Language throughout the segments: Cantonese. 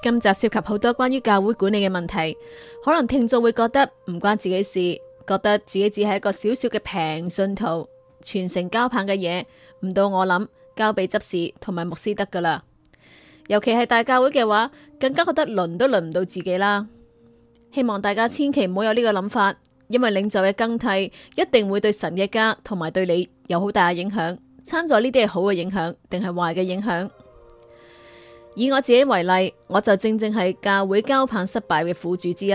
今集涉及好多關於教會管理嘅問題，可能聽眾會覺得唔關自己事，覺得自己只係一個小小嘅平信徒，全城交棒嘅嘢唔到我諗，交俾執事同埋牧師得噶啦。尤其係大教會嘅話，更加覺得輪都輪唔到自己啦。希望大家千祈唔好有呢個諗法，因為領袖嘅更替一定會對神嘅家同埋對你有好大嘅影響。參佐呢啲係好嘅影響，定係壞嘅影響？以我自己為例，我就正正係教會交棒失敗嘅苦主之一。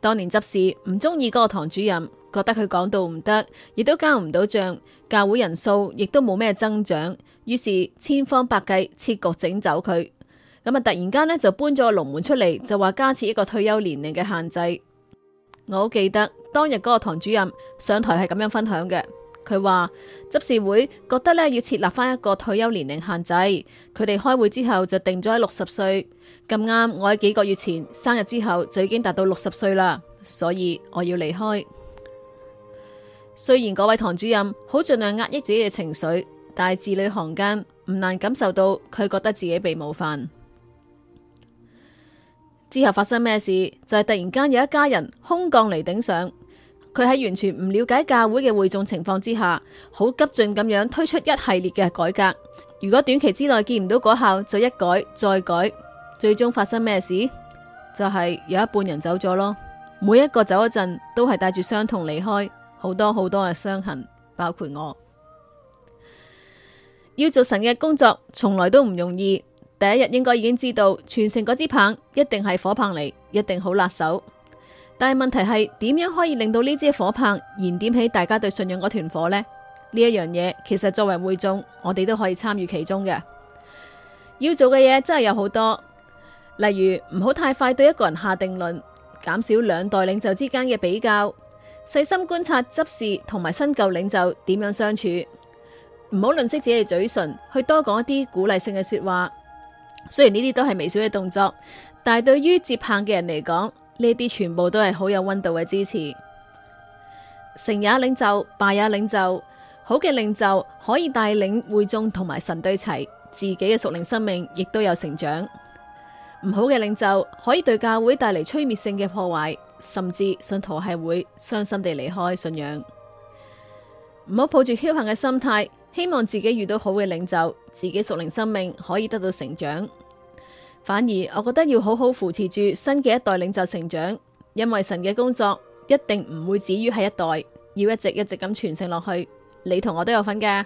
當年執事唔中意嗰個堂主任，覺得佢講到唔得，亦都交唔到賬，教會人數亦都冇咩增長，於是千方百計設局整走佢。咁啊，突然間呢，就搬咗個龍門出嚟，就話加設一個退休年齡嘅限制。我好記得當日嗰個堂主任上台係咁樣分享嘅。佢話執事會覺得咧要設立翻一個退休年齡限制，佢哋開會之後就定咗喺六十歲。咁啱我喺幾個月前生日之後就已經達到六十歲啦，所以我要離開。雖然各位堂主任好盡量壓抑自己嘅情緒，但係字裏行間唔難感受到佢覺得自己被冒犯。之後發生咩事？就係突然間有一家人空降嚟頂上。佢喺完全唔了解教會嘅會眾情況之下，好急進咁樣推出一系列嘅改革。如果短期之內見唔到果效，就一改再改。最終發生咩事？就係、是、有一半人走咗咯。每一個走嗰陣，都係帶住傷痛離開，好多好多嘅傷痕，包括我。要做神嘅工作，從來都唔容易。第一日應該已經知道，全城嗰支棒一定係火棒嚟，一定好辣手。但係問題係點樣可以令到呢支火棒燃點起大家對信仰嗰團火呢？呢一樣嘢其實作為會眾，我哋都可以參與其中嘅。要做嘅嘢真係有好多，例如唔好太快對一個人下定論，減少兩代領袖之間嘅比較，細心觀察執事同埋新舊領袖點樣相處，唔好吝嗇自己嘅嘴唇去多講一啲鼓勵性嘅說話。雖然呢啲都係微小嘅動作，但係對於接棒嘅人嚟講，呢啲全部都係好有溫度嘅支持。成也領袖，敗也領袖。好嘅領袖可以帶領會眾同埋神對齊，自己嘅屬靈生命亦都有成長。唔好嘅領袖可以對教會帶嚟摧滅性嘅破壞，甚至信徒係會傷心地離開信仰。唔好抱住僥倖嘅心態，希望自己遇到好嘅領袖，自己屬靈生命可以得到成長。反而，我覺得要好好扶持住新嘅一代領袖成長，因為神嘅工作一定唔會止於喺一代，要一直一直咁傳承落去。你同我都有份㗎。